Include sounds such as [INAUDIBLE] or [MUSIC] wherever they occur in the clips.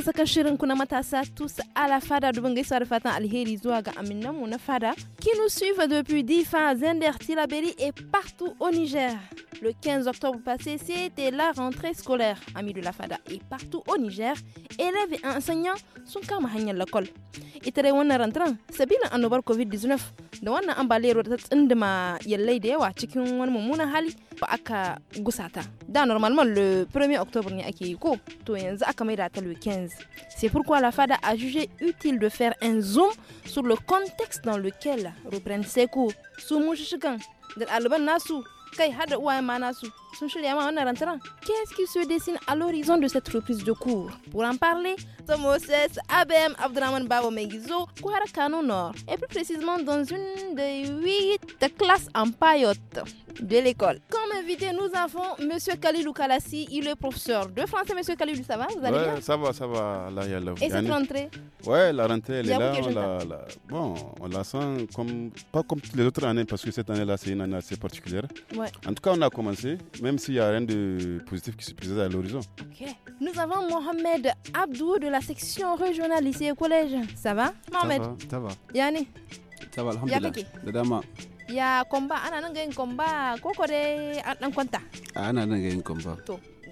za mu shirin ku na matasa tous à la fada dubin gaisuwa da fatan alheri zuwa ga aminan mu na fada qui nous suivent depuis Difa, Zender, Tilaberi et partout au Niger. Le 15 octobre passé, c'était la rentrée scolaire. Amis de la fada et partout au Niger, élèves et enseignants sont comme à l'école. ita dai wannan rantaren sabilin annobar covid-19 da wannan ambaliyar ta tsindima yallai da yawa cikin wani mummunan hali ba aka gusata da normalman le 1 october ne ake yi ko to yanzu aka maida ta le 15 c'est pourquoi la FADA a jugé utile de faire un zoom sur le contexte dans lequel reprennent ses cours. de Qu'est-ce qui se dessine à l'horizon de cette reprise de cours Pour en parler, Tomoses ABM Abdraman Babo Megizo, Kouharakano Nord, et plus précisément dans une des huit classes en paillotte de l'école. Comme invité, nous avons M. Khalilou Kalassi, il est professeur de français. M. Khalilou, ça va Vous allez bien Ça va, ça va. Et cette rentrée Oui, la rentrée, elle est là. On la, Bon, on la sent comme... pas comme les autres années, parce que cette année-là, c'est une année assez particulière. En tout cas, on a commencé, même s'il n'y a rien de positif qui se présente à l'horizon. Nous avons Mohamed Abdou de la section régionale ici au collège. Ça va, Mohamed Ça va. Yanni Ça va, alhamdulillah. Dadama. Ya komba, ana komba, koko an dan ah, komba.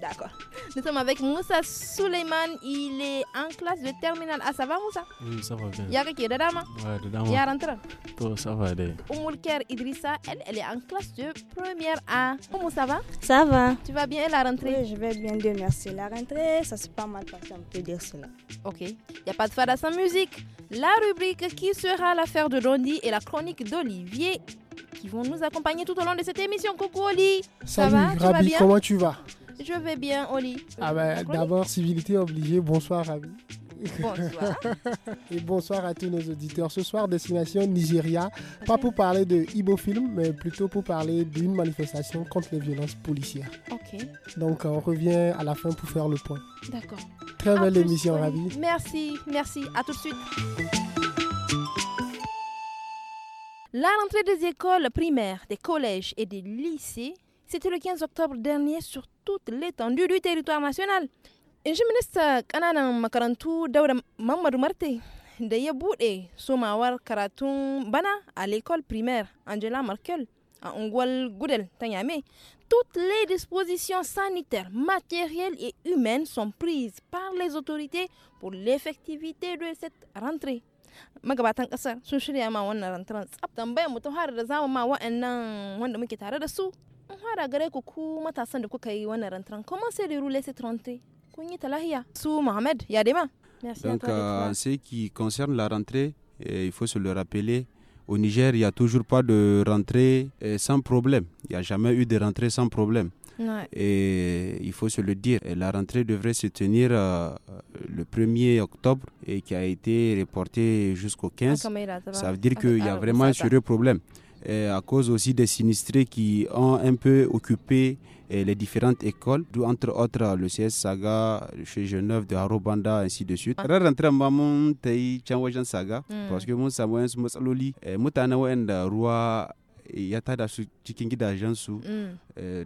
D'accord. Nous sommes avec Moussa Suleiman. Il est en classe de terminale. Ah, ça va, Moussa Oui, ça va bien. Yara qui est dedans Ouais, dedans. Yara rentre oh, ça va aller. Oumoulker Idrissa, elle, est en classe de première A. Comment ça va Ça va. Tu vas bien la rentrée je vais bien, merci. La rentrée, ça c'est pas mal parce qu'on peut dire cela. Ok. Il n'y a pas de fada sans musique. La rubrique qui sera l'affaire de Rondi et la chronique d'Olivier qui vont nous accompagner tout au long de cette émission. Coucou Oli, ça va, Rabi, comment tu vas je vais bien, Oli. Ah ben, d'abord, civilité obligée. Bonsoir, Ravi. Bonsoir. [LAUGHS] Et bonsoir à tous nos auditeurs. Ce soir, destination Nigeria, pas pour parler de Ibo mais plutôt pour parler d'une manifestation contre les violences policières. Ok. Donc, on revient à la fin pour faire le point. D'accord. Très belle émission, Ravi. Merci, merci. À tout de suite. La rentrée des écoles primaires, des collèges et des lycées, c'était le 15 octobre dernier sur toute l'étendue du territoire national. In ji minista Kanana makarantu Dauda Mamadu Marte da ya buɗe somawar karatun bana a l'école primaire Angela Merkel à Ongwal Goudel, Tanyame, toutes les dispositions sanitaires, matérielles et humaines sont prises par les autorités pour l'effectivité de cette rentrée. magabatan kasar sun shirya ma wannan rantaran tsaf tambayar mu ta da zamu ma wa'annan wanda muke tare da su comment se cette rentrée mohamed ya donc euh, en ce qui concerne la rentrée eh, il faut se le rappeler au Niger, il n'y a toujours pas de rentrée eh, sans problème. Il n'y a jamais eu de rentrée sans problème. Et il faut se le dire, la rentrée devrait se tenir euh, le 1er octobre et qui a été reportée jusqu'au 15. Ah, ça veut dire ah, qu'il y a ah, vraiment un sérieux problème. Euh, à cause aussi des sinistrés qui ont un peu occupé euh, les différentes écoles, d'où entre autres le CS Saga chez Genève de Harobanda, ainsi de suite. Ra rentre maman, tai can saga hmm. parce que mon samu euh, mon saloli, hmm. mon waɗanda ruwa ya tada su cikin gidajensu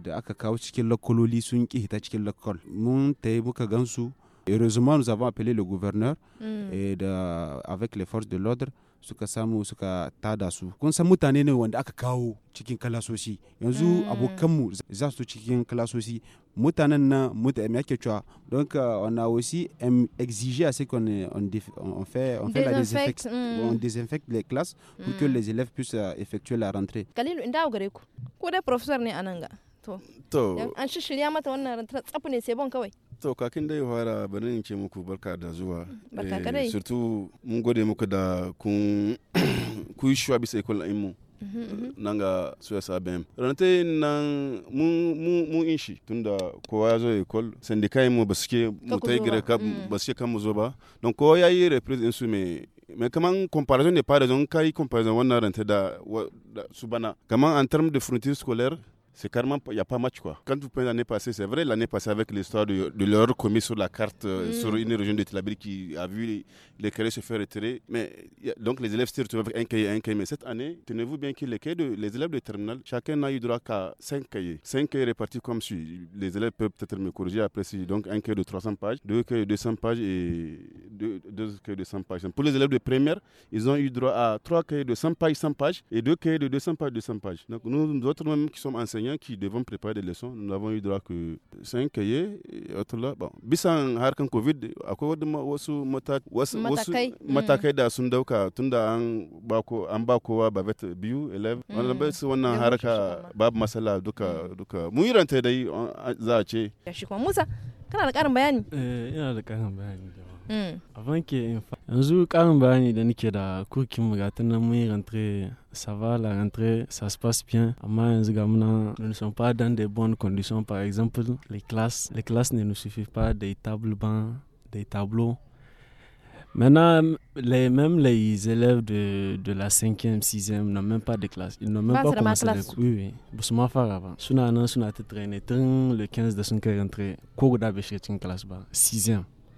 da aka kawo cikin lakololi sun ki hita cikin lakol mun tai muka gansu heureusement nous avons appelé le gouverneur hmm. et de, avec les forces de l'ordre suka samu suka tada su kun san mutane ne wanda aka kawo cikin kalasosi yanzu mm. abokanmu za su cikin kalasosi mutanen nan muta me ake cewa don ka euh, a aussi exigé à ce qu'on on, on fait on fait la désinfecte mm. on désinfecte les classes pour que mm. les élèves puissent euh, effectuer la rentrée kalilu inda gare ku ko dai professeur ne ananga to to an shi shirya mata wannan rantar tsaf ne sai bon kawai to kakin dai fara bari in ce muku barka da zuwa eh, surtu mun gode muku da kun [COUGHS] kuyi shuwa bisa ikon mu nan ga suya sabem rantai nan mun in shi da kowa ya zo ya kol sandikai mu ba su mu ta gira ba kan mu zo ba don kowa ya yi repris in su mai mai kaman comparaison ne pas raison kai comparaison wannan ranta da su bana kaman en terme de frontier scolaire c'est carrément, il n'y a pas match quoi. Quand vous prenez l'année passée, c'est vrai, l'année passée avec l'histoire de, l'heure commis sur la carte, euh, mm. sur une région de Tilabri qui a vu les, cahiers se faire retirer. Mais donc les élèves se retrouvent avec un cahier, un cahier. Mais cette année, tenez-vous bien que les, cahiers de, les élèves de Terminal, chacun n'a eu droit qu'à 5 cahiers. 5 cahiers répartis comme suit. Les élèves peuvent peut-être me corriger après. si Donc un cahier de 300 pages, deux cahiers de 200 pages et de, deux cahiers de 100 pages. Pour les élèves de première, ils ont eu droit à trois cahiers de 100 pages, 100 pages et deux cahiers de 200 pages, 200 pages. Donc nous, nous autres même qui sommes enseignants, qui devons préparer des leçons, nous n'avons eu droit que 5 cahiers et autres là. Bon, bisan harkan COVID, akwai wadda wasu wasu matakai mm. da sun dauka tun da an ba kowa ba vet biyu elev mm. wanda bai su wannan haraka, babu masala duka mm. duka mun yi ranta dai za a ce. Shi kuma Musa kana da karin bayani? Eh ina da karin bayani. Mm. Avant que on karin bayani da nake da cour mu ga tunan mun yi rentrée ça va la rentrée ça se passe bien mais un jour, nous ne sommes pas dans des bonnes conditions par exemple les classes les classes ne nous suffisent pas des tables bancs des tableaux Maintenant, les, même les élèves de, de la 5e, 6e n'ont même pas de classe. Ils n'ont même bah, pas commencé cours. Oui, oui. Je m'en fais avant. Je on a été de le 15 de rentrée. Quoi que d'abord, je suis en classe 6e. Bah,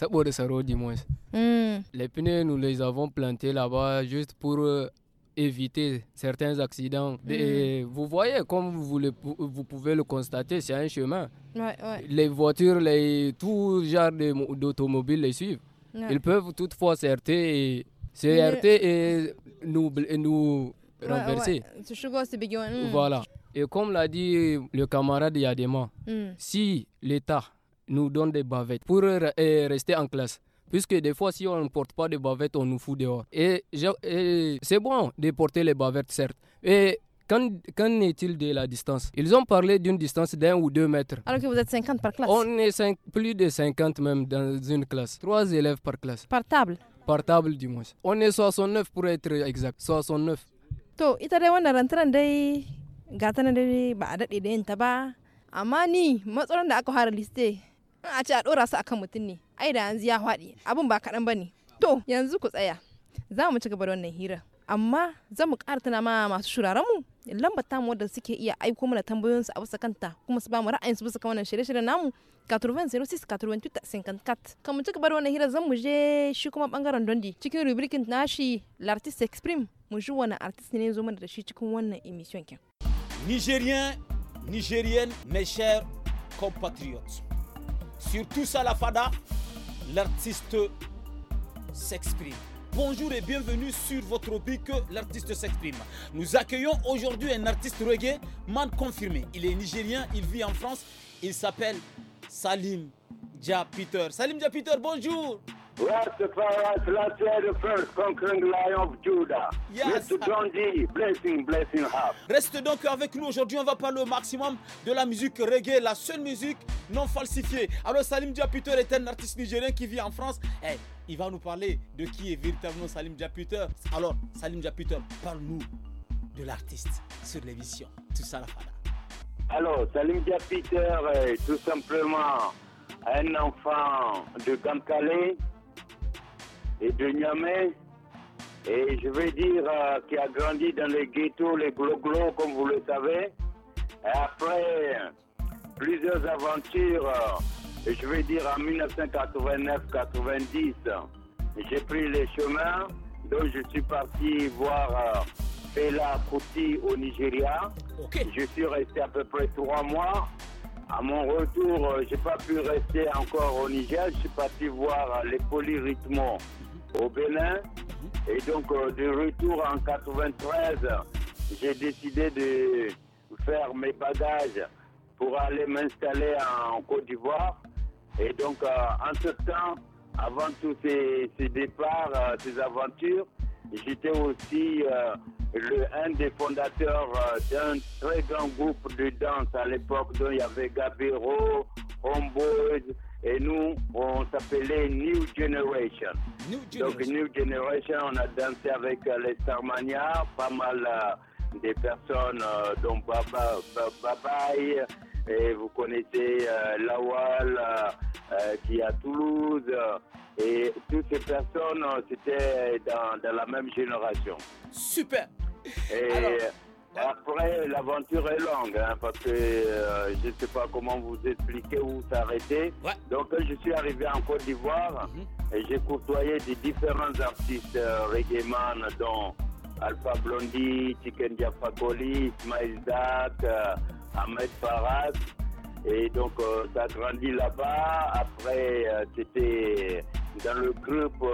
Hmm. Les pneus, nous les avons plantés là-bas juste pour euh, éviter certains accidents. Hmm. Et vous voyez, comme vous, vous pouvez le constater, c'est un chemin. Les voitures, les, tout genre d'automobiles les suivent. Ils peuvent toutefois s'arrêter et, et, nous, renverser. Voilà. Et comme l'a dit le camarade Yadema, hmm. si l'État nous donnent des bavettes pour eh, rester en classe. Puisque des fois, si on ne porte pas de bavettes, on nous fout dehors. Et, c'est bon de porter les bavettes, certes. Et Qu'en est-il de la distance Ils ont parlé d'une distance d'un ou deux mètres. Alors que vous êtes 50 par classe On est plus de 50 même dans une classe. Trois élèves par classe. Par table Par table du moins. On est 69 pour être exact. 69. To, ita y ba a amani a ce a ɗora su a kan mutum ne ai da yanzu ya haɗi abin ba kaɗan ba ne to yanzu ku tsaya za mu ci gaba da wannan hira amma za mu ƙara tana ma masu shuraren mu lambar mu wanda suke iya aiko mana tambayoyinsu a bisa kanta kuma su ba mu ra'ayinsu bisa kan wannan shirye-shiryen namu 8006 sin kan mu ci gaba da wannan hira zan mu je shi kuma bangaren dondi cikin rubrikin nashi l'artiste exprime mu ji wani artist ne zo mana da shi cikin wannan emission kin Nigerian, nigerian mes chers Sur tout ça, la fada, l'artiste s'exprime. Bonjour et bienvenue sur votre que L'artiste s'exprime. Nous accueillons aujourd'hui un artiste reggae, man confirmé. Il est nigérien, il vit en France, il s'appelle Salim Dia Peter. Salim Dia Peter, bonjour first lion of Judah. Yes. blessing, Reste donc avec nous aujourd'hui, on va parler au maximum de la musique reggae, la seule musique non falsifiée. Alors Salim Diaputer est un artiste nigérien qui vit en France. Eh, il va nous parler de qui est véritablement Salim Diaputer. Alors Salim Diaputer, parle-nous de l'artiste sur l'émission Tout ça Alors Salim Diaputer est tout simplement un enfant de Calais et de Niamey. Et je vais dire euh, qui a grandi dans les ghettos, les gloglos, comme vous le savez. Et après plusieurs aventures, euh, je vais dire en 1989-90, j'ai pris les chemins. Donc je suis parti voir euh, Fela au Nigeria. Je suis resté à peu près trois mois. À mon retour, j'ai pas pu rester encore au Niger. Je suis parti voir les polyrythmes au Bénin. Et donc, euh, de retour en 93, j'ai décidé de faire mes bagages pour aller m'installer en Côte d'Ivoire. Et donc, euh, en ce temps, avant tous ces, départs, euh, ces aventures, j'étais aussi le, un des fondateurs d'un très grand groupe de danse à l'époque, dont il y avait Gabiro, Homeboys, et nous, on s'appelait New Generation. Donc New Generation, on a dansé avec euh, les Starmania, pas mal euh, des personnes euh, dont Baba, Babaï, et vous connaissez Lawal qui est à Toulouse. Et toutes ces personnes, c'était dans, la même génération. Super. Et après, l'aventure est longue, hein, parce que euh, je ne sais pas comment vous expliquer où s'arrêter. Donc, je suis arrivé en Côte d'Ivoire mhm. et j'ai courtoyé des différents artistes euh, reggae man, dont Alpha Blondie, Chicken Diafakoli, Ismail euh, Ahmed Faraz Et donc, ça a grandi là-bas. Après, c'était dans le groupe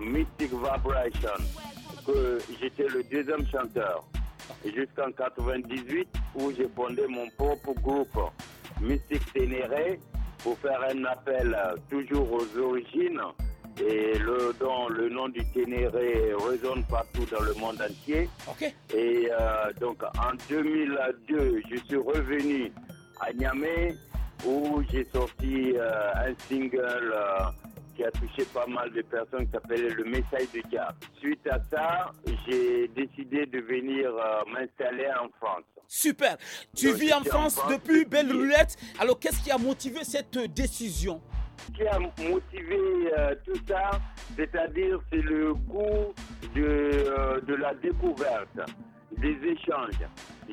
Mystic Vibration que j'étais le deuxième chanteur jusqu'en 98 où j'ai fondé mon propre groupe Mystique Ténéré pour faire un appel toujours aux origines et le dont le nom du Ténéré résonne partout dans le monde entier. Et euh, donc en 2002, je suis revenu à Niamey où j'ai sorti euh, un single euh, qui a touché pas mal de personnes qui s'appelait le message de Cap. Suite à ça, j'ai décidé de venir euh, m'installer en France. Super. Tu vis en France, de plus depuis Belle Roulette. Alors qu'est-ce qui a motivé cette euh, décision Ce qui a motivé euh, tout ça, c'est-à-dire c'est le goût de, de la découverte, des échanges.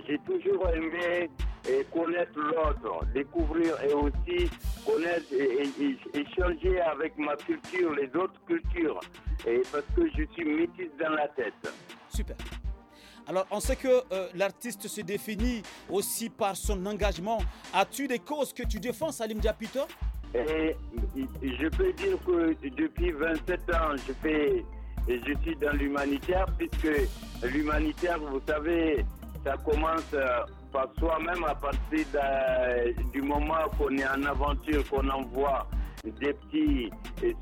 J'ai toujours aimé et connaître l'autre, découvrir et aussi connaître et, échanger avec ma culture, les autres cultures, et parce que je suis métisse dans la tête. Super. Alors, on sait que euh, l'artiste se définit aussi par son engagement. As-tu des causes que tu défends, Salim Diapito Je peux dire que depuis 27 ans, je, fais, je suis dans l'humanitaire, puisque l'humanitaire, vous savez, ça commence euh, par soi-même à partir du moment qu'on est en aventure, qu'on envoie des petits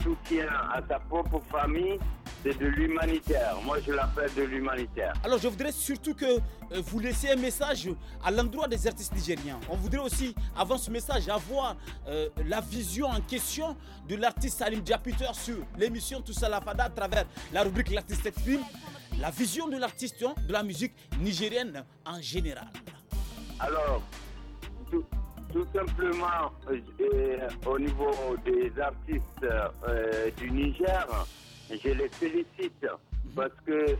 soutiens à sa propre famille, c'est de l'humanitaire. Moi, je l'appelle de l'humanitaire. Alors, je voudrais surtout que euh, vous laissiez un message à l'endroit des artistes nigériens. On voudrait aussi, avant ce message, avoir euh, la vision en question de l'artiste Salim Diapiter sur l'émission Tout à à travers la rubrique L'artiste film, la vision de l'artiste hein, de la musique nigérienne en général. Alors, tout, simplement, euh, euh, au niveau des artistes euh, du Niger, je les félicite parce que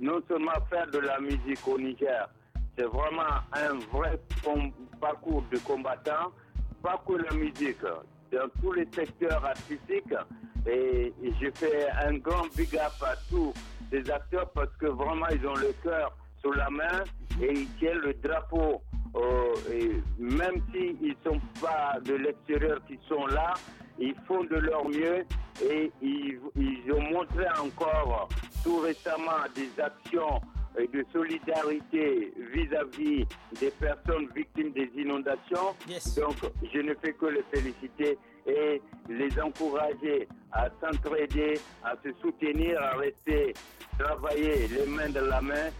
non seulement faire de la musique au Niger, c'est vraiment un vrai parcours de combattant, pas que la musique, dans tous les secteurs artistiques. Et, je fais un grand big up à tous ces acteurs parce que vraiment ils ont le cœur la main et ils tiennent le drapeau. Euh, même s'ils si ne sont pas de l'extérieur qui sont là, ils font de leur mieux et ils, ont montré encore tout récemment des actions de solidarité vis-à-vis des personnes victimes des inondations. Donc, je ne fais que les féliciter et les encourager à s'entraider, à se soutenir, à rester travailler les mains dans la main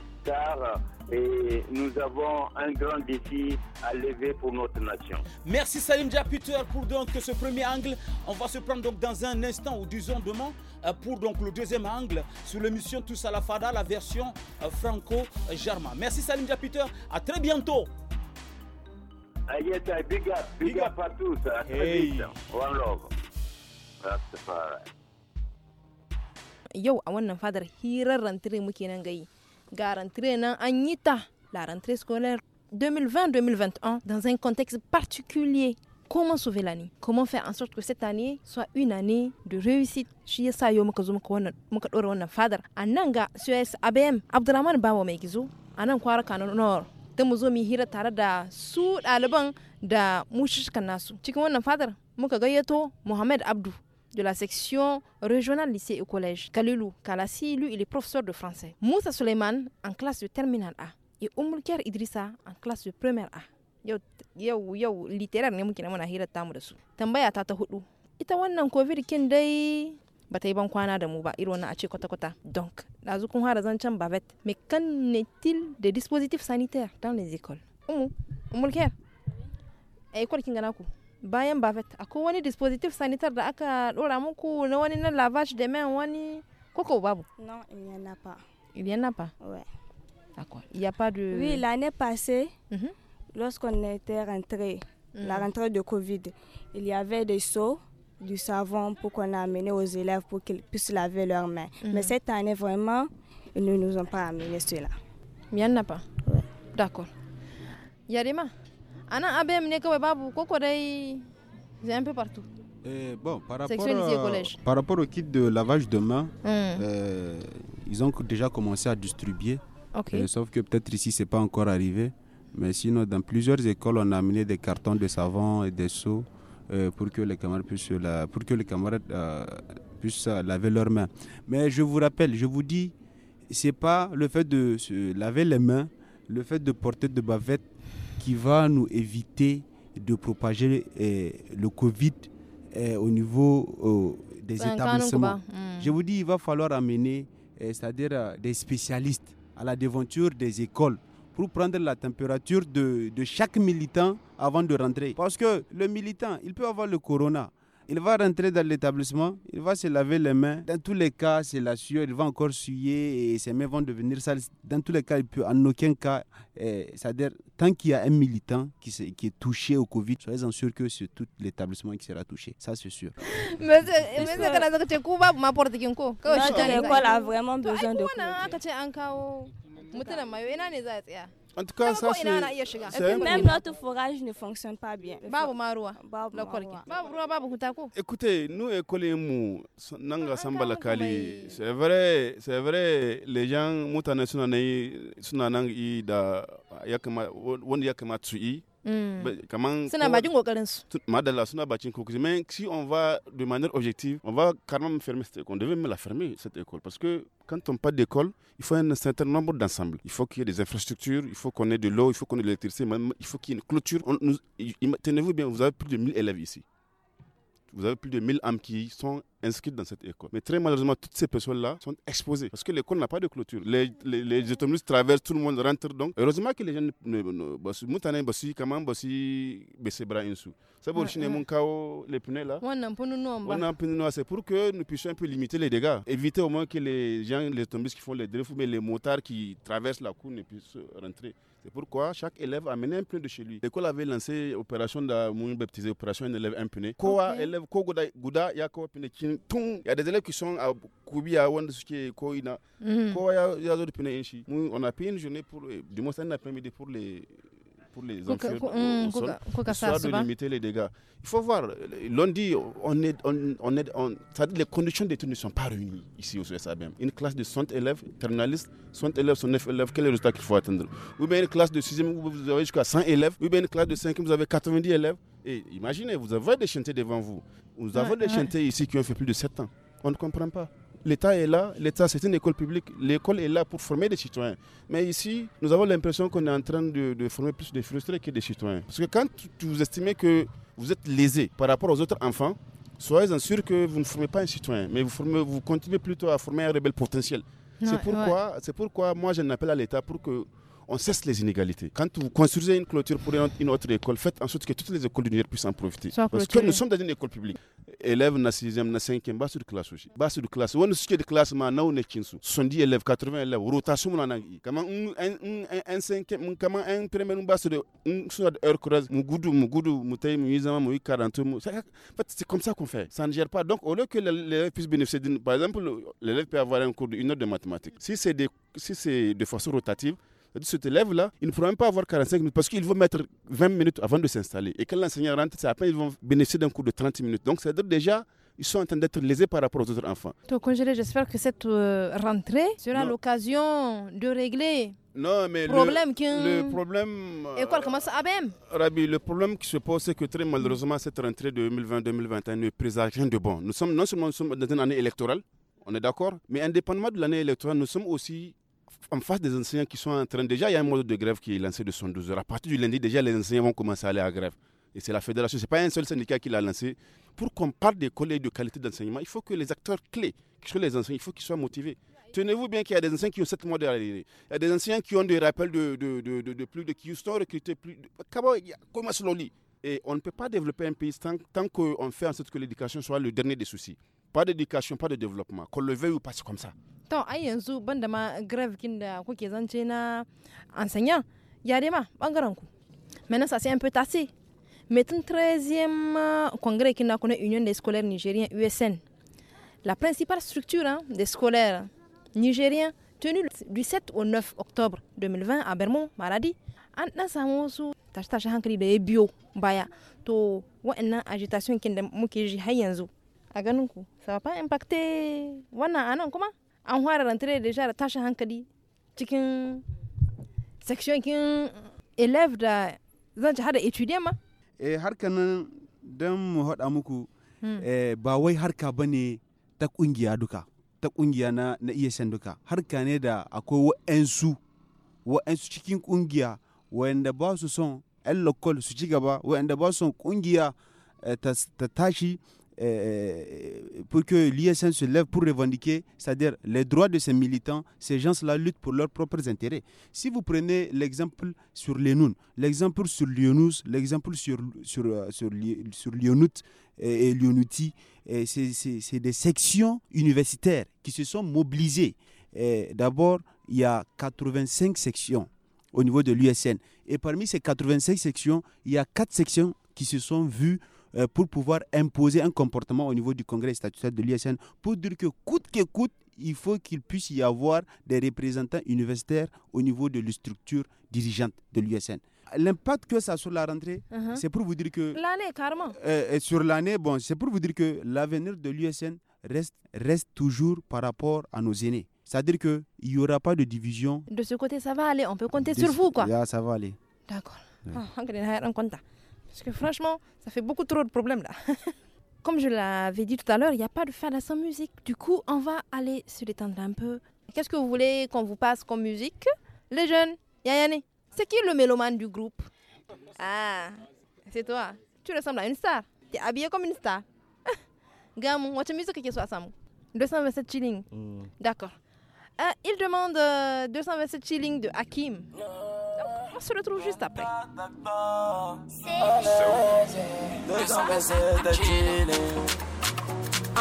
et nous avons un grand défi à lever pour notre nation. Merci Salim Diaputer pour donc ce premier angle. On va se prendre donc dans un instant ou disons demain euh, pour donc le deuxième angle sur l'émission Tous à la Fada, la version euh, franco-germain. Merci Salim Diaputer, à très bientôt. big up, big, up. très One love. Ah, garantir un la rentrée scolaire 2020-2021 dans un contexte particulier. Comment sauver l'année Comment faire en sorte que cette année soit une année de réussite shi yasa yo muka zo muka ɗora wannan Fader a nan ga abm abdulrahman Bawo mai gizo a nan kwara kano nor ta hira tare da su Alabang da Mushish Kanasu cikin wannan fadar muka gayyato muhammad abdu de la section régionale lycée et collège. Kalilou Kalassi, lui, il est professeur de français. Moussa Suleiman en classe de terminale A et Umulker Idrissa en classe de première A. Yo yo yo littéraire ne muke muna hirar tamu da su. Tambaya ta ta hudu. Ita wannan COVID kin dai ba ta yi ban kwana da mu ba irin wannan a ce kwata-kwata. Donc, ɗazu kun fara zancen bavette. Mais qu'en est-il des dispositifs sanitaires dans les écoles? Umu, Umulker, a eh, école kin gana ku? bayan bafet akwai wani dispositif sanitaire da aka dora muku non il n'y en a pas il n'y en a pas ouais d'accord il n'y a pas de oui l'année passée mhm. lorsqu'on était rentré la mhm. rentrée de covid il y avait des seaux du savon pour qu'on a amené aux élèves pour qu'ils puissent laver leurs mains mhm. mais cette année vraiment ils ne nous ont pas amené cela il n'y en a pas ouais. d'accord mains ana babu c'est un peu partout eh, par rapport, par rapport au kit de lavage de mains, hmm. euh, ils ont déjà commencé à distribuer. Euh, sauf que peut-être ici, ce n'est pas encore arrivé. Mais sinon, dans plusieurs écoles, on a amené des cartons de savon et des seaux euh, pour que les camarades puissent, la, pour que les camarades, puissent laver leurs mains. Mais je vous rappelle, je vous dis, ce n'est pas le fait de se laver les mains, le fait de porter de bavettes qui va nous éviter de propager eh, le Covid eh, au niveau oh, des établissements. Hmm. Je vous dis, il va falloir amener, eh, c'est-à-dire euh, des spécialistes à la devanture des écoles pour prendre la température de, chaque militant avant de rentrer. Parce que le militant, il peut avoir le corona, il va rentrer dans l'établissement, il va se laver les mains. Dans tous les cas, c'est la sueur, il va encore suer et ses mains vont devenir sales. Dans tous les cas, il peut en aucun cas, eh, c'est-à-dire tant qu'il y a un militant qui, qui, est touché au Covid, soyez en sûr que c'est tout l'établissement qui sera touché. Ça, c'est sûr. Mais vraiment besoin de en tout cas, ça c'est. Même notre forage ne fonctionne pas bien. Babu Marwa. Babu Marwa. Babu Kutako. Écoutez, nous, Ekolemu, Nanga ah, Sambalakali, ah, c'est vrai, c'est vrai, les gens, Moutane Sunanei, Sunanang, Ida, Yakama, Won Yakamatsu, mm. mais si on va de manière objective on va carrément fermer cette école on devait même la fermer cette école parce que quand on parle d'école, il faut un certain nombre d'ensembles. Il faut qu'il y ait des infrastructures, il faut qu'on ait de l'eau, il faut qu'on ait de l'électricité, il faut qu'il y ait une clôture. Tenez-vous bien, vous avez plus de 1000 élèves ici vous avez plus de 1000 âmes qui sont inscrites dans cette école. Mais très malheureusement, toutes ces personnes-là sont exposées parce que l'école n'a pas de clôture. Les, les, automobilistes traversent, tout le monde rentre. Donc, heureusement que les gens ne basi kaman basi bras insou. Ça pour chiner mon les pneus là. On a c'est pour que nous puissions un peu limiter les dégâts. Éviter au moins que les gens, les automobilistes qui font les drifts, mais les motards qui traversent la cour ne puissent rentrer. C'est pourquoi chaque élève amenait un plein de chez lui. L'école avait lancé opération de mouille baptisée opération un élève impuni. Quoi élève ko guda guda ya ko Il y a des élèves qui sont à Koubia wanda suke Koina. Quoi mhm. ya ya zo pneu inchi. On a pris une journée pour du moins un après-midi pour les pour les enfants au, hmm, de limiter les dégâts. Il faut voir, l'on dit, on est, on, on est, on, les conditions d'études ne sont pas réunies ici au SABM. Une classe de 100 élèves, terminalistes, 100 élèves, 9 élèves, quel est le résultat qu'il faut atteindre Ou bien une classe de 6e vous avez jusqu'à 100 élèves, ou bien une classe de 5e vous avez 90 élèves. Et imaginez, vous avez des chantiers devant vous. Nous avons des chantés ici qui ont fait plus de 7 ans. On ne comprend pas l'État est là, l'État c'est une école publique, l'école est là pour former des citoyens. Mais ici, nous avons l'impression qu'on est en train de, former plus des frustrés que des citoyens. Parce que quand vous estimez que vous êtes lésé par rapport aux autres enfants, soyez en sûr que vous ne formez pas un citoyen, mais vous, formez, vous continuez plutôt à former un rebelle potentiel. c'est pourquoi, c'est pourquoi moi j'ai un appel à l'État pour que on cesse les inégalités. Quand vous construisez une clôture pour une autre école, faites en sorte que toutes les écoles du puissent en profiter. Parce que nous sommes dans une école publique. Élèves na 6e, na 5e, basse de classe aussi. Bas sur classe. On est de classe ma on est kin su. 70 élèves, 80 élèves, rotation Comment un 5e, un premier bas sur un sur de heure creuse, mu gudu, mu mu tayi mu yi zama C'est comme ça qu'on fait. Ça ne gère pas. Donc au lieu que l'élève puisse bénéficier par exemple, l'élève peut avoir un cours d'une heure de mathématiques. Si c'est si c'est de façon rotative, cet élève-là, il ne pourra même pas avoir 45 minutes parce qu'il va mettre 20 minutes avant de s'installer. Et quand l'enseignant rentre, c'est à peine ils vont bénéficier d'un cours de 30 minutes. Donc, cest déjà, ils sont en train d'être lésés par rapport aux autres enfants. Donc, congélé, j'espère que cette euh, rentrée sera l'occasion de régler non, mais problème le, le problème. Et quoi, euh, commence à même Rabi, le problème qui se pose, c'est que très malheureusement, cette rentrée de 2020-2021 ne présage rien de bon. Nous sommes non seulement dans une année électorale, on est d'accord, mais indépendamment de l'année électorale, nous sommes aussi en face des enseignants qui sont en train. Déjà, il y a un mode de grève qui est lancé de 112 heures. À partir du lundi, déjà, les enseignants vont commencer à aller à grève. Et c'est la fédération, ce n'est pas un seul syndicat qui l'a lancé. Pour qu'on parle des collèges de qualité d'enseignement, il faut que les acteurs clés, qui sont les enseignants, il faut qu'ils soient motivés. Tenez-vous bien qu'il y a des enseignants qui ont 7 mois de Il y a des enseignants qui ont des rappels de, plus, de qui sont recrutés plus. Comment cela lit Et on ne peut pas développer un pays tant, tant qu'on fait en sorte que l'éducation soit le dernier des soucis. Pas d'éducation, pas de développement. Qu'on le veuille ou pas, c'est comme ça to ai yanzu banda ma grave kin da kuke zance na enseignant, ya dai ma bangaren ku maintenant ça c'est un peu tassé mais 13e congrès kin na connu union des scolaires nigériens USN la principale structure hein, des scolaires nigériens tenu du 7 au 9 octobre 2020 à Bermond, Maladie, an dan samu wasu tashe-tashe hankali da ya biyo baya to wana agitation kin da muke ji har yanzu a ça va pas impacter wannan anan kuma an fara rantare da da tashin hankali cikin section kin 11 da zan ci hada etudiant ma eh nan don mu haɗa muku hmm. eh, ba wai harka bane ne ta ƙungiya duka ta ƙungiya na, iya e shan duka harka ne da akwai wa'ansu wa'ansu cikin ƙungiya wa'anda ba su son 'yan lokal su ci gaba wa'anda ba su son ƙungiya eh, ta, tashi Euh, pour que l'ISN se lève pour revendiquer, c'est-à-dire les droits de ces militants, ces gens-là luttent pour leurs propres intérêts. Si vous prenez l'exemple sur Lenoun, l'exemple sur Lyonous, l'exemple sur, sur, euh, sur, sur Lyonout et, et Lyonouti, c'est des sections universitaires qui se sont mobilisées. D'abord, il y a 85 sections au niveau de l'USN. Et parmi ces 85 sections, il y a 4 sections qui se sont vues euh, pour pouvoir imposer un comportement au niveau du Congrès statutaire de l'USN. pour dire que coûte que coûte, il faut qu'il puisse y avoir des représentants universitaires au niveau de la structure dirigeante de l'USN. L'impact que ça a sur la rentrée, uh-huh. c'est pour vous dire que... L'année, carrément. Euh, et sur l'année, bon, c'est pour vous dire que l'avenir de l'USN reste, reste toujours par rapport à nos aînés. C'est-à-dire qu'il n'y aura pas de division. De ce côté, ça va aller. On peut compter sur vous, quoi. ça va aller. D'accord. Ouais. Ah, parce que franchement, ça fait beaucoup trop de problèmes là. [LAUGHS] Comme je l'avais dit tout à l'heure, il n'y a pas de fada sans musique. Du coup, on va aller se détendre un peu. Qu'est-ce que vous voulez qu'on vous passe comme musique Les jeunes, Yayane, c'est qui le mélomane du groupe Ah, c'est toi. Tu ressembles à une star. Tu es habillé comme une star. [LAUGHS] Gamou, what musique qui soit 227 shillings. Mm. D'accord. Euh, il demande 227 euh, shillings de Hakim. uma sura tu już jest zapaj.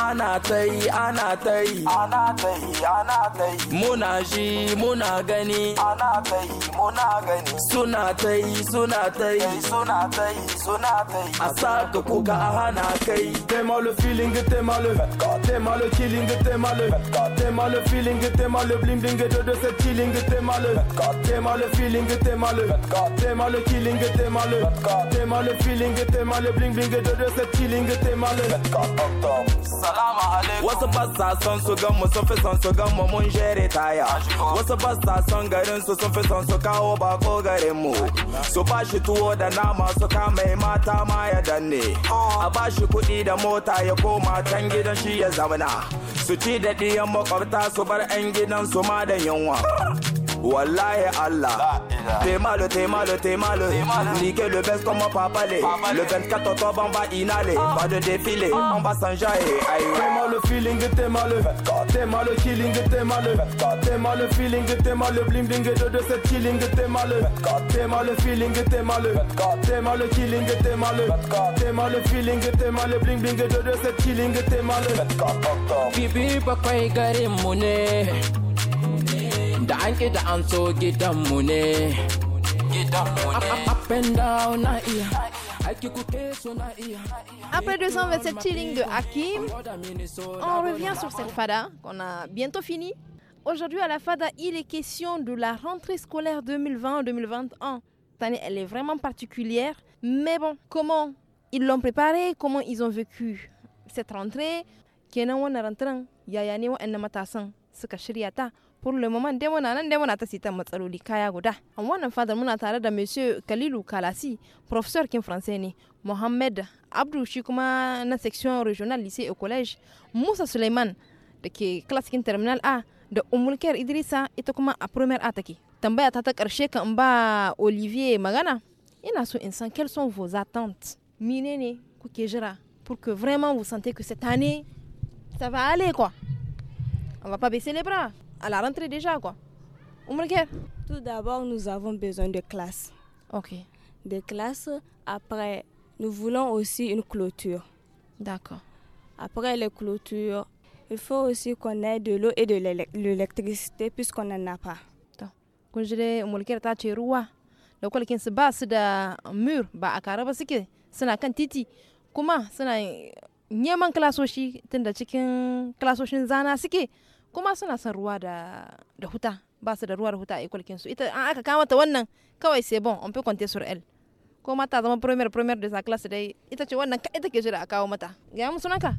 ana ta yi ana ta yi ana ta yi ana ta yi muna ji muna gani ana ta yi muna gani suna ta suna ta suna ta suna ta yi ka kuka hana kai t'es mal feeling t'es mal le t'es mal le chilling mal le mal feeling t'es mal bling bling de de ce killing, t'es mal le mal feeling t'es mal le t'es mal le chilling mal le mal feeling t'es mal bling bling de de ce killing, t'es mal le alaikum alaikum wasu fasa son su gan mu sun fi son su gan mu mun jere taya wasu fasa son garin su sun fi son su kawo bako garin mu su ba shi tuwo da nama su kama mata ma ya danne oh. a ba shi kuɗi da mota ya koma can gidan shi ya zamana su ci da ɗiyan makwabta su bar 'yan gidan su ma da yunwa wallahi Allah T'es mal, t'es mal, t'es mal. Niquer le best comme pas parler. Le 24 octobre, on va inhaler. Pas ah. de défilé, ah. on va s'enjailler. T'es mal le feeling, t'es mal le T'es mal le killing, t'es mal le T'es mal le feeling, t'es mal le bling bling. De de cette killing, t'es mal le T'es mal le feeling, t'es mal le T'es mal le killing, t'es mal le T'es mal le feeling, t'es mal le bling bling. De de cette killing, t'es mal le Bibi, pourquoi il garde mon après 227 chilling de Hakim, on revient sur cette fada qu'on a bientôt fini. Aujourd'hui à la fada, il est question de la rentrée scolaire 2020-2021. année, Elle est vraiment particulière, mais bon, comment ils l'ont préparée, comment ils ont vécu cette rentrée, pour le moment dai muna nan dai ta matsaloli kaya guda a wannan fadar muna tare da monsieur Kalilu Kalasi professeur kin français ne Mohamed Abdu shi kuma na section régionale lycée et collège Moussa Suleiman da ke classique kin terminal A de Oumoulker Idrissa, ita kuma a première A take tambaya ta ta karshe kan ba Olivier magana ina so in san quelles sont vos attentes ku ke jira pour que vraiment vous sentez que cette année ça va aller quoi on va pas baisser les bras à la rentrée déjà, quoi. Tout d'abord, nous avons besoin de classes. Ok. Des classes. Après, nous voulons aussi une clôture. D'accord. Après les clôtures, il faut aussi qu'on ait de l'eau et de l'électricité puisqu'on n'en a pas. kun ji dai mulkiyar ta ce ruwa da kwalkinsu ba su da mur ba a kare ba suke suna kan titi kuma suna neman klasoshi tunda cikin klasoshin zana suke kuma suna son ruwa da da huta ba su da ruwa da huta a ikwalkin su ita an aka kama ta wannan kawai sai bon on peut compter sur elle ko mata zama premier premier de sa classe dai ita ce wannan kai take jira a kawo mata ya mu sunanka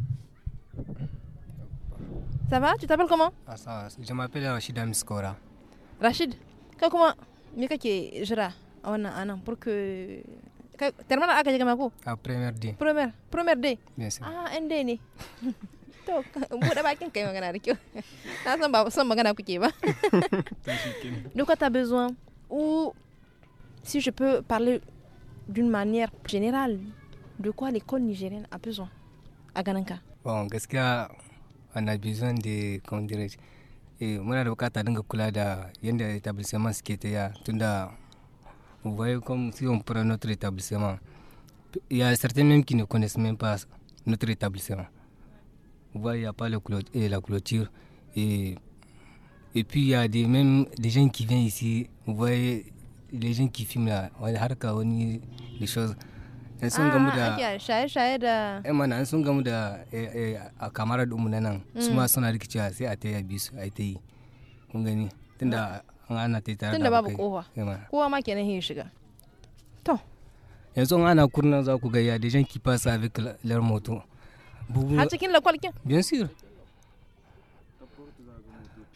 Ça va Tu t'appelles comment ah, ça va. Je m'appelle Rashid Amiskora. Rashid, kai kuma me kake jira a wannan anan pour que kai terminal aka je kama ko? Ah, premier D. Premier, premier D. Bien sûr. Ah, ND ne. [LAUGHS] de quoi tu as besoin ou si je peux parler d'une manière générale de quoi l'école nigérienne a besoin à Gananka bon qu'est-ce on a besoin de comment mon avocat a da bukata dingue kula da établissement qui était ya tunda vous voyez comme si on prend notre établissement il y a certains même qui ne connaissent même pas notre établissement vous voyez, il n'y a pas le et eh, la clôture. Et, et puis, il y a des, même des gens qui viennent ici. Vous voyez, les gens qui filment là, les choses. in sun gamu da shaye-shaye da yan mana in sun gamu a kamar mu na nan su ma suna rikicewa sai a ta yi a ta yi kun gani tunda an ana taita yi tare kowa eh, kowa ma kenan yin shiga to yanzu ana kurna za ku ga ya dejan kifa sa avec leur moto ah, Bien sûr.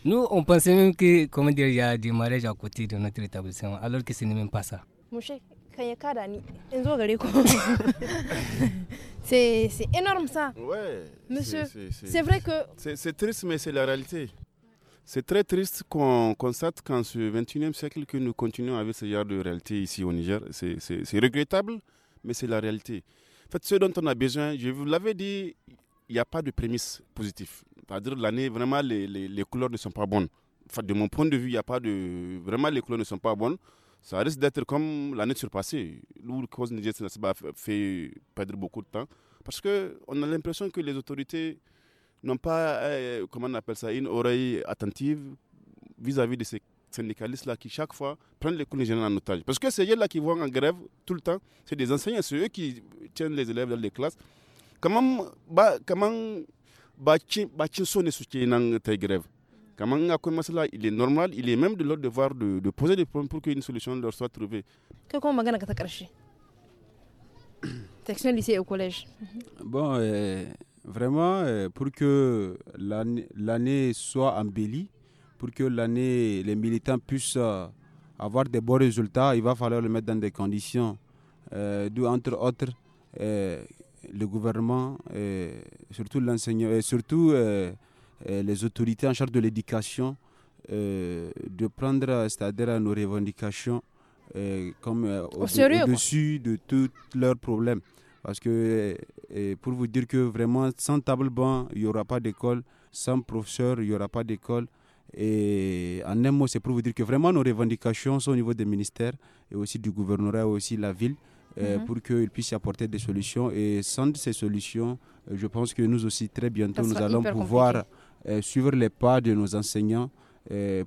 Nous, on pensait même que, il y a des mariages à côté de notre établissement, alors que ce n'est même pas ça. [LAUGHS] C'est énorme ça. Ouais, Monsieur, c'est vrai que... C'est triste, mais c'est la réalité. C'est très triste qu'on constate qu'en ce 21e siècle que nous continuons avec ce genre de réalité ici au Niger. C'est regrettable, mais c'est la réalité. En ce dont on a besoin, je vous l'avais dit, il n'y a pas de prémisse positive. C'est-à-dire l'année, vraiment, les, les, couleurs ne sont pas bonnes. Enfin, de mon point de vue, il n'y a pas de... Vraiment, les couleurs ne sont pas bonnes. Ça risque d'être comme l'année surpassée, où le cause n'a fait perdre beaucoup de temps. Parce qu'on a l'impression que les autorités n'ont pas, euh, comment on appelle ça, une oreille attentive vis-à-vis -vis de ces syndicalistes-là qui, chaque fois, prennent les cours en otage. Parce que c'est eux-là qui vont en grève tout le temps. C'est des enseignants, c'est eux qui tiennent les élèves dans les classes. Comment, bah, comment, bah, qui est dans tes grèves Comment Il est normal, il est même de leur devoir de, poser des problèmes pour qu'une solution leur soit trouvée. Qu'est-ce qu'on va faire [COUGHS] au lycée au collège. Bon, euh, vraiment, euh, pour que l'année soit embellie, pour que l'année, les militants puissent euh, avoir des bons résultats, il va falloir le mettre dans des conditions euh, d'où, entre autres, euh, le gouvernement, et surtout l'enseignant, et surtout les autorités en charge de l'éducation, de prendre, c'est-à-dire nos revendications comme au, dessus de tous leurs problèmes. Parce que, pour vous dire que vraiment, sans table-banc, il n'y aura pas d'école, sans professeur, il n'y aura pas d'école. Et en un mot, c'est pour vous dire que vraiment nos revendications sont au niveau des ministères et aussi du gouvernorat et aussi la ville. Euh, mhm. pour qu'ils puissent apporter des solutions. Et sans ces solutions, euh, je pense que nous aussi, très bientôt, nous allons pouvoir euh, suivre les pas de nos enseignants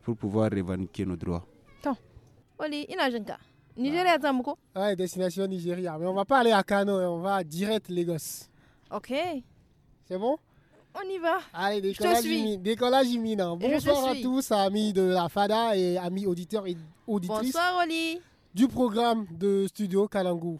pour pouvoir revendiquer nos droits. Oli, ah. Nigeria, Ouais, ah, destination Nigeria. Mais on va pas aller à Kano, on va direct Lagos. Ok. C'est bon on y va. Allez, décollage, suis. décollage imminent. Bonsoir à tous, amis de la FADA et amis auditeurs et auditrices. Du programme de Studio Kalangu.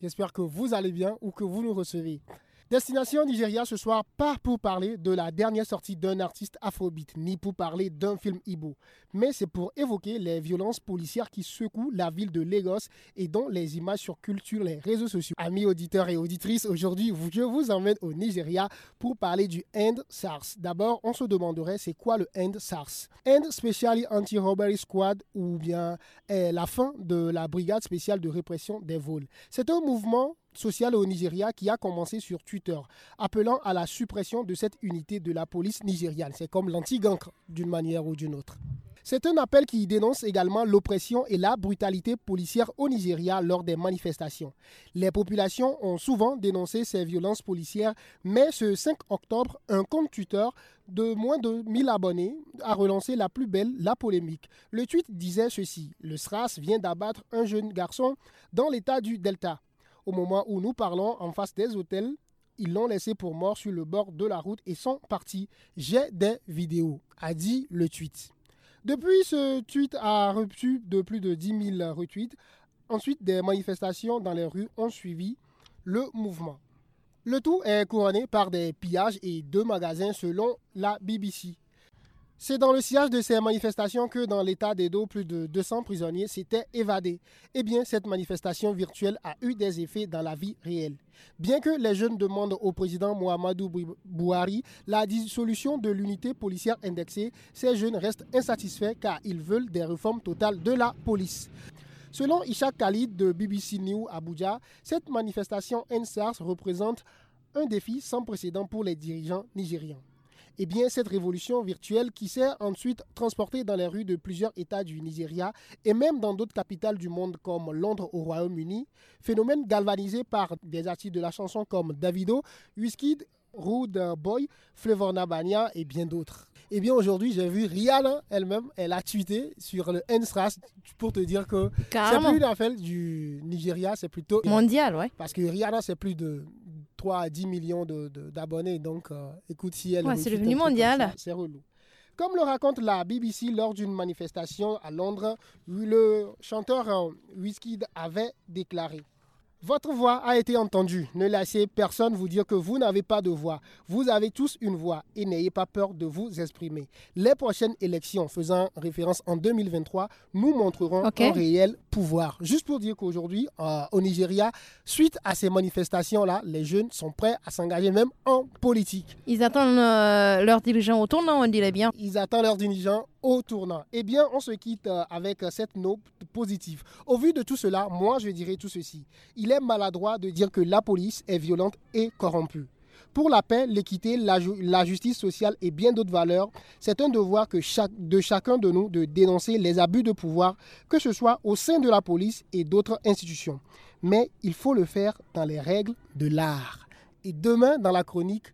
J'espère que vous allez bien ou que vous nous recevez. Destination Nigeria ce soir, pas pour parler de la dernière sortie d'un artiste afrobeat, ni pour parler d'un film Igbo, mais c'est pour évoquer les violences policières qui secouent la ville de Lagos et dont les images sur sur les réseaux sociaux. Amis auditeurs et auditrices, aujourd'hui, je vous emmène au Nigeria pour parler du End SARS. D'abord, on se demanderait c'est quoi le End SARS End Specially Anti-Robbery Squad ou bien eh, la fin de la brigade spéciale de répression des vols. C'est un mouvement sociale au Nigeria qui a commencé sur Twitter, appelant à la suppression de cette unité de la police nigériane. C'est comme lanti d'une manière ou d'une autre. C'est un appel qui dénonce également l'oppression et la brutalité policière au Nigeria lors des manifestations. Les populations ont souvent dénoncé ces violences policières, mais ce 5 octobre, un compte Twitter de moins de 1000 abonnés a relancé la plus belle, la polémique. Le tweet disait ceci, le SRAS vient d'abattre un jeune garçon dans l'état du Delta. Au moment où nous parlons, en face des hôtels, ils l'ont laissé pour mort sur le bord de la route et sont partis. J'ai des vidéos, a dit le tweet. Depuis, ce tweet a reçu de plus de 10 000 retweets. Ensuite, des manifestations dans les rues ont suivi le mouvement. Le tout est couronné par des pillages et deux magasins selon la BBC. C'est dans le sillage de ces manifestations que dans l'état d'Edo, plus de 200 prisonniers s'étaient évadés. Eh bien, cette manifestation virtuelle a eu des effets dans la vie réelle. Bien que les jeunes demandent au président Mohamedou Bouhari la dissolution de l'unité policière indexée, ces jeunes restent insatisfaits car ils veulent des réformes totales de la police. Selon Isha Khalid de BBC News Abuja, cette manifestation NSARS représente un défi sans précédent pour les dirigeants nigérians. Eh bien, cette révolution virtuelle qui s'est ensuite transportée dans les rues de plusieurs États du Nigeria et même dans d'autres capitales du monde comme Londres au Royaume-Uni, phénomène galvanisé par des artistes de la chanson comme Davido, Wizkid, Rude Boy, Flavor Nabania et bien d'autres. Et eh bien, aujourd'hui, j'ai vu Rihanna elle-même, elle a tweeté sur le n pour te dire que c'est plus une affaire du Nigeria, c'est plutôt. Mondial, ouais. Parce que Rihanna, c'est plus de à 10 millions d'abonnés. De, d'abonnés Donc, euh, écoute, si elle. Ouais, c'est devenu mondial. C'est relou. Comme le raconte la BBC lors d'une manifestation à Londres, le chanteur euh, whisky avait déclaré votre voix a été entendue. Ne laissez personne vous dire que vous n'avez pas de voix. Vous avez tous une voix et n'ayez pas peur de vous exprimer. Les prochaines élections faisant référence en 2023 nous montreront un réel pouvoir. Juste pour dire qu'aujourd'hui, euh, au Nigeria, suite à ces manifestations-là, les jeunes sont prêts à s'engager même en politique. Ils attendent euh, leurs dirigeants au tournant, on dirait bien. Ils attendent leurs dirigeants au tournant. Eh bien, on se quitte euh, avec euh, cette note positive. Au vu de tout cela, moi, je dirais tout ceci. Il est maladroit de dire que la police est violente et corrompue. Pour la paix, l'équité, la, justice sociale et bien d'autres valeurs, c'est un devoir que de chacun de nous de dénoncer les abus de pouvoir, que ce soit au sein de la police et d'autres institutions. Mais il faut le faire dans les règles de l'art. Et demain, dans la chronique,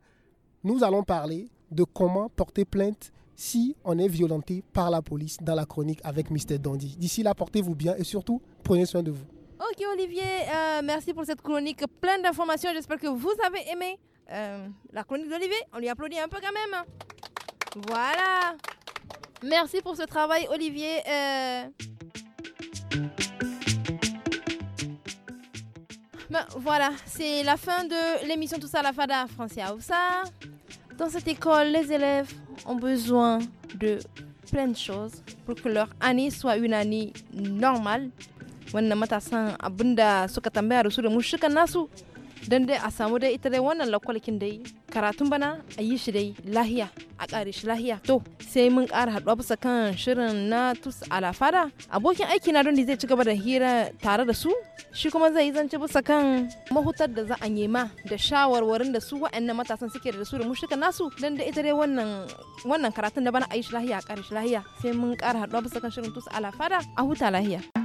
nous allons parler de comment porter plainte si on est violenté par la police dans la chronique avec Mr. Dandy. D'ici là, portez-vous bien et surtout, prenez soin de vous. Ok Olivier, euh, merci pour cette chronique pleine d'informations. J'espère que vous avez aimé euh, la chronique d'Olivier. On lui applaudit un peu quand même. Voilà. Merci pour ce travail Olivier. Euh. Ben, voilà, c'est la fin de l'émission Tout ça à la Fada, français ça. Dans cette école, les élèves ont besoin de plein de choses pour que leur année soit une année normale. Wannan matasan abinda suka tambaya da su da mu nasu don dai a samu dai ita dai wannan lakwalkin dai karatun bana a yi shi dai lahiya a ƙare shi lahiya to sai mun ƙara haɗuwa bisa kan shirin na tus alafada abokin aiki na don zai ci gaba da hira tare da su shi kuma zai yi zance bisa kan mahutar da za a nema da shawarwarin da su wa'annan matasan suke da su da mushuka nasu don da ita dai wannan wannan karatun da bana a yi shi lahiya a ƙare shi lahiya sai mun ƙara haɗuwa bisa kan shirin tus alafada a huta lahiya.